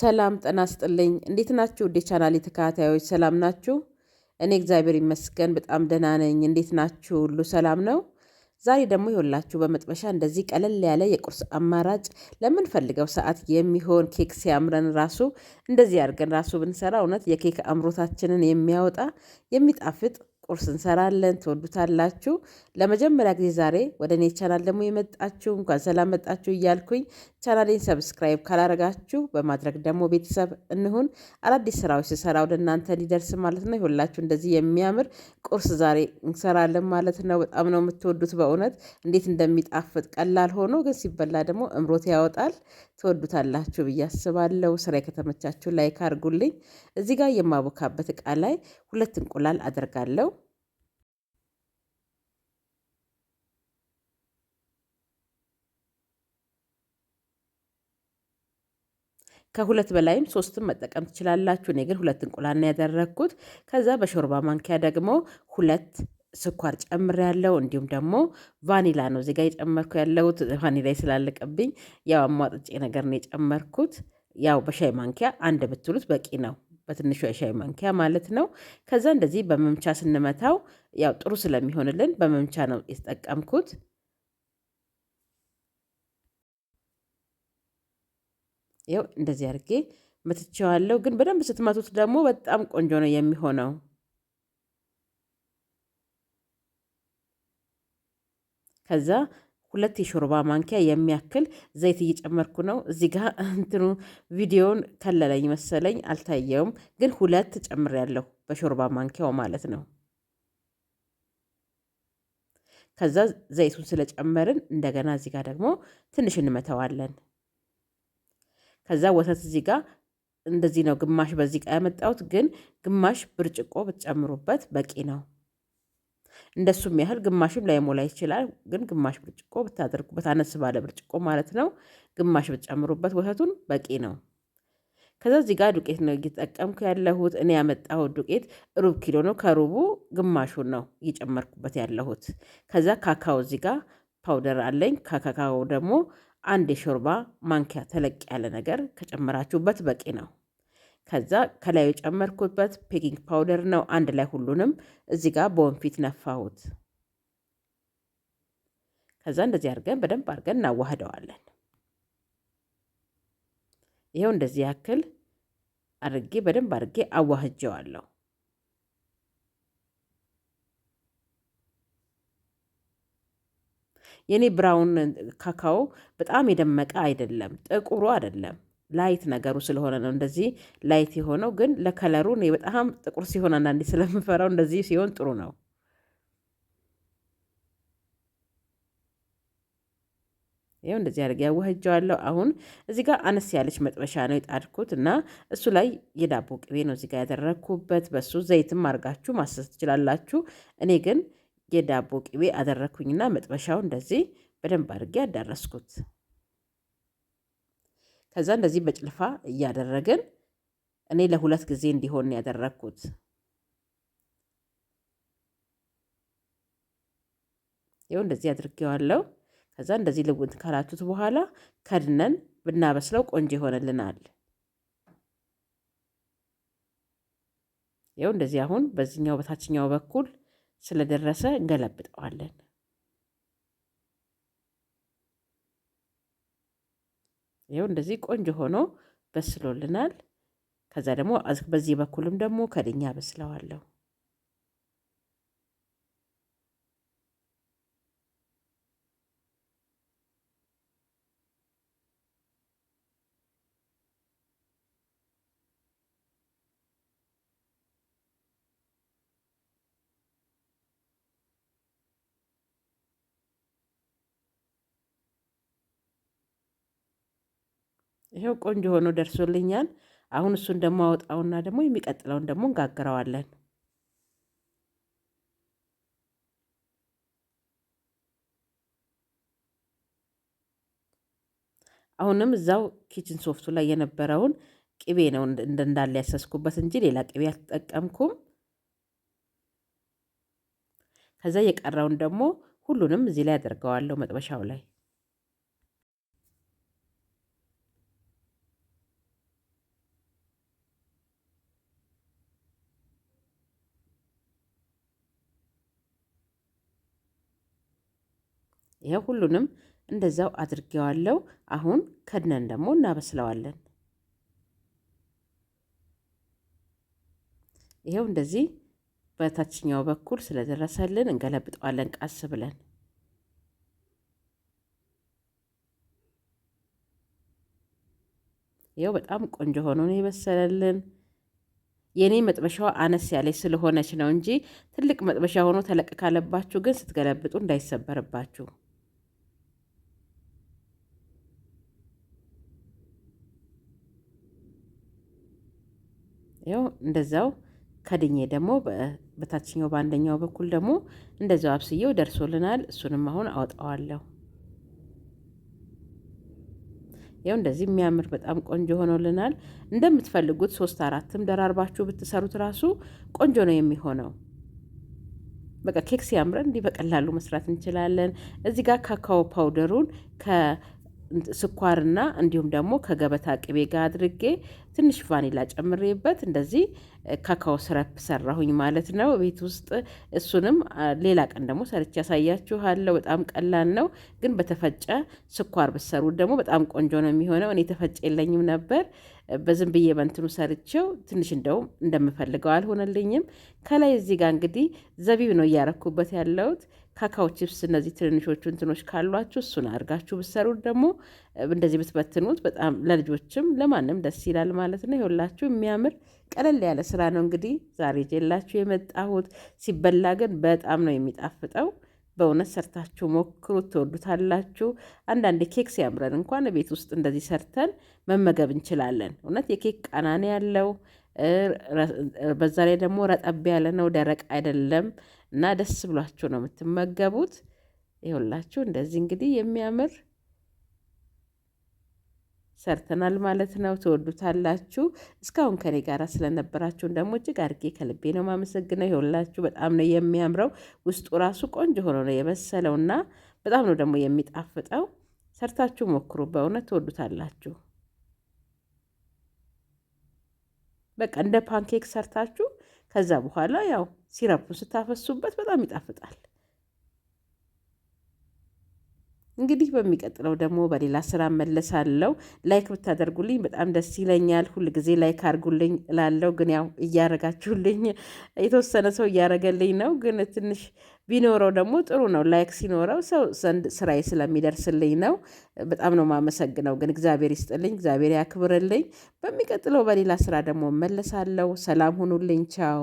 ሰላም ጠና ስጥልኝ እንዴት ናችሁ? ውድ ቻናል ተከታታዮች ሰላም ናችሁ? እኔ እግዚአብሔር ይመስገን በጣም ደህና ነኝ። እንዴት ናችሁ? ሁሉ ሰላም ነው? ዛሬ ደግሞ ይኸውላችሁ በመጥበሻ እንደዚህ ቀለል ያለ የቁርስ አማራጭ ለምንፈልገው ሰዓት የሚሆን ኬክ ሲያምረን ራሱ እንደዚህ አድርገን ራሱ ብንሰራ እውነት የኬክ አምሮታችንን የሚያወጣ የሚጣፍጥ ቁርስ እንሰራለን። ትወዱታላችሁ። ለመጀመሪያ ጊዜ ዛሬ ወደ እኔ ቻናል ደግሞ የመጣችሁ እንኳን ሰላም መጣችሁ እያልኩኝ ቻናሌን ሰብስክራይብ ካላረጋችሁ በማድረግ ደግሞ ቤተሰብ እንሁን። አዳዲስ ስራዎች ስሰራ ወደ እናንተ ሊደርስ ማለት ነው። ይሁላችሁ እንደዚህ የሚያምር ቁርስ ዛሬ እንሰራለን ማለት ነው። በጣም ነው የምትወዱት በእውነት እንዴት እንደሚጣፍጥ ቀላል ሆኖ ግን ሲበላ ደግሞ እምሮት ያወጣል። ትወዱታላችሁ ብዬ አስባለሁ። ስራ የከተመቻችሁ ላይክ አድርጉልኝ። እዚህ ጋር የማቦካበት እቃ ላይ ሁለት እንቁላል አደርጋለሁ። ከሁለት በላይም ሶስትም መጠቀም ትችላላችሁ። እኔ ግን ሁለት እንቁላል ነው ያደረግኩት። ከዛ በሾርባ ማንኪያ ደግሞ ሁለት ስኳር ጨምር ያለው እንዲሁም ደግሞ ቫኒላ ነው እዚጋ የጨመርኩ ያለሁት። ቫኒላ ስላለቀብኝ ያው አሟጥጬ ነገር ነው የጨመርኩት። ያው በሻይ ማንኪያ አንድ ብትሉት በቂ ነው፣ በትንሹ የሻይ ማንኪያ ማለት ነው። ከዛ እንደዚህ በመምቻ ስንመታው ያው ጥሩ ስለሚሆንልን በመምቻ ነው የተጠቀምኩት። ው እንደዚህ አድርጌ መትቼዋለሁ። ግን በደንብ ስትመቱት ደግሞ በጣም ቆንጆ ነው የሚሆነው። ከዛ ሁለት የሾርባ ማንኪያ የሚያክል ዘይት እየጨመርኩ ነው። እዚህ ጋር እንትኑ ቪዲዮን ከለለኝ መሰለኝ አልታየውም፣ ግን ሁለት ጨምሬያለሁ በሾርባ ማንኪያው ማለት ነው። ከዛ ዘይቱን ስለጨመርን እንደገና እዚህ ጋር ደግሞ ትንሽ እንመተዋለን። ከዛ ወተት እዚህ ጋር እንደዚህ ነው፣ ግማሽ በዚህ ጋር ያመጣሁት፣ ግን ግማሽ ብርጭቆ ብትጨምሩበት በቂ ነው። እንደሱም ያህል ግማሽም ላይሞላ ይችላል። ግን ግማሽ ብርጭቆ ብታደርጉበት አነስ ባለ ብርጭቆ ማለት ነው፣ ግማሽ ብትጨምሩበት ወተቱን በቂ ነው። ከዛ እዚህ ጋር ዱቄት ነው እየተጠቀምኩ ያለሁት። እኔ ያመጣሁት ዱቄት ሩብ ኪሎ ነው። ከሩቡ ግማሹን ነው እየጨመርኩበት ያለሁት። ከዛ ካካው እዚህ ጋር ፓውደር አለኝ። ከካካው ደግሞ አንድ የሾርባ ማንኪያ ተለቅ ያለ ነገር ከጨመራችሁበት በቂ ነው። ከዛ ከላይ የጨመርኩበት ፔኪንግ ፓውደር ነው። አንድ ላይ ሁሉንም እዚህ ጋር በወንፊት ነፋሁት። ከዛ እንደዚህ አድርገን በደንብ አድርገን እናዋህደዋለን። ይኸው እንደዚህ ያክል አድርጌ በደንብ አድርጌ አዋህጀዋለሁ። የኔ ብራውን ካካው በጣም የደመቀ አይደለም፣ ጥቁሩ አይደለም፣ ላይት ነገሩ ስለሆነ ነው እንደዚህ ላይት የሆነው። ግን ለከለሩ እኔ በጣም ጥቁር ሲሆን አንዳንዴ ስለምፈራው እንደዚህ ሲሆን ጥሩ ነው። ይኸው እንደዚህ አድርጌ ያዋህጀዋለሁ። አሁን እዚህ ጋር አነስ ያለች መጥበሻ ነው የጣድኩት እና እሱ ላይ የዳቦ ቅቤ ነው እዚህ ጋር ያደረግኩበት። በሱ ዘይትም አድርጋችሁ ማሰስ ትችላላችሁ። እኔ ግን የዳቦ ቅቤ አደረግኩኝና መጥበሻው እንደዚህ በደንብ አድርጌ ያዳረስኩት ከዛ እንደዚህ በጭልፋ እያደረግን እኔ ለሁለት ጊዜ እንዲሆን ያደረግኩት ይው እንደዚህ አድርጌዋለሁ። ከዛ እንደዚህ ልውንት ካላቱት በኋላ ከድነን ብናበስለው ቆንጆ ይሆንልናል። ይው እንደዚህ አሁን በዚህኛው በታችኛው በኩል ስለደረሰ እንገለብጠዋለን። ይኸው እንደዚህ ቆንጆ ሆኖ በስሎልናል። ከዛ ደግሞ በዚህ በኩልም ደግሞ ከድኛ በስለዋለሁ። ይሄው ቆንጆ ሆኖ ደርሶልኛል። አሁን እሱን ደግሞ አወጣውና ደግሞ የሚቀጥለውን ደግሞ እንጋግረዋለን። አሁንም እዛው ኪችን ሶፍቱ ላይ የነበረውን ቅቤ ነው እንዳለ ያሰስኩበት እንጂ ሌላ ቅቤ አልተጠቀምኩም። ከዛ የቀረውን ደግሞ ሁሉንም እዚህ ላይ አደርገዋለሁ መጥበሻው ላይ ይሄ ሁሉንም እንደዛው አድርጌዋለሁ። አሁን ከድነን ደግሞ እናበስለዋለን። ይሄው እንደዚህ በታችኛው በኩል ስለደረሰልን እንገለብጠዋለን ቃስ ብለን ይኸው በጣም ቆንጆ ሆኖ ነው የበሰለልን። የእኔ መጥበሻዋ አነስ ያለች ስለሆነች ነው እንጂ ትልቅ መጥበሻ ሆኖ ተለቅ ካለባችሁ ግን ስትገለብጡ እንዳይሰበርባችሁ ይኸው እንደዛው ከድኜ ደግሞ በታችኛው በአንደኛው በኩል ደግሞ እንደዛው አብስየው ደርሶልናል። እሱንም አሁን አወጣዋለሁ። ያው እንደዚህ የሚያምር በጣም ቆንጆ ሆኖልናል። እንደምትፈልጉት ሶስት አራትም ደራርባችሁ ብትሰሩት ራሱ ቆንጆ ነው የሚሆነው። በቃ ኬክ ሲያምረን እንዲህ በቀላሉ መስራት እንችላለን። እዚህ ጋር ካካዎ ፓውደሩን ስኳርና እንዲሁም ደግሞ ከገበታ ቅቤ ጋር አድርጌ ትንሽ ቫኒላ ጨምሬበት እንደዚህ ካካዎ ስረፕ ሰራሁኝ ማለት ነው ቤት ውስጥ። እሱንም ሌላ ቀን ደግሞ ሰርቼ ያሳያችኋለሁ። በጣም ቀላል ነው፣ ግን በተፈጨ ስኳር ብሰሩ ደግሞ በጣም ቆንጆ ነው የሚሆነው። እኔ ተፈጨ የለኝም ነበር። በዝም ብዬ በእንትኑ ሰርቼው ትንሽ እንደውም እንደምፈልገው አልሆነልኝም። ከላይ እዚህ ጋር እንግዲህ ዘቢብ ነው እያረኩበት ያለሁት። ካካው ቺፕስ እነዚህ ትንንሾቹ እንትኖች ካሏችሁ እሱን አድርጋችሁ ብሰሩት ደግሞ እንደዚህ ብትበትኑት በጣም ለልጆችም ለማንም ደስ ይላል ማለት ነው። ይኸውላችሁ የሚያምር ቀለል ያለ ስራ ነው እንግዲህ ዛሬ ጀላችሁ የመጣሁት። ሲበላ ግን በጣም ነው የሚጣፍጠው። በእውነት ሰርታችሁ ሞክሩት፣ ትወዱታላችሁ። አንዳንድ ኬክ ሲያምረን እንኳን ቤት ውስጥ እንደዚህ ሰርተን መመገብ እንችላለን። እውነት የኬክ ቃናን ያለው። በዛ ላይ ደግሞ ረጠብ ያለ ነው፣ ደረቅ አይደለም እና ደስ ብሏችሁ ነው የምትመገቡት። ይኸውላችሁ እንደዚህ እንግዲህ የሚያምር ሰርተናል ማለት ነው። ትወዱታላችሁ። እስካሁን ከኔ ጋር ስለነበራችሁን ደግሞ እጅግ አድርጌ ከልቤ ነው ማመሰግነው። ይኸውላችሁ በጣም ነው የሚያምረው። ውስጡ ራሱ ቆንጆ ሆኖ ነው ና በጣም ነው ደግሞ የሚጣፍጠው። ሰርታችሁ ሞክሩ፣ በእውነት ትወዱታላችሁ። በቃ እንደ ፓንኬክ ሰርታችሁ ከዛ በኋላ ያው ሲረፑን ስታፈሱበት በጣም ይጣፍጣል። እንግዲህ በሚቀጥለው ደግሞ በሌላ ስራ መለሳለው። ላይክ ብታደርጉልኝ በጣም ደስ ይለኛል። ሁል ጊዜ ላይክ አድርጉልኝ እላለው፣ ግን ያው እያረጋችሁልኝ የተወሰነ ሰው እያረገልኝ ነው። ግን ትንሽ ቢኖረው ደግሞ ጥሩ ነው። ላይክ ሲኖረው ሰው ዘንድ ስራዬ ስለሚደርስልኝ ነው። በጣም ነው ማመሰግነው። ግን እግዚአብሔር ይስጥልኝ፣ እግዚአብሔር ያክብርልኝ። በሚቀጥለው በሌላ ስራ ደግሞ መለሳለው። ሰላም ሁኑልኝ። ቻው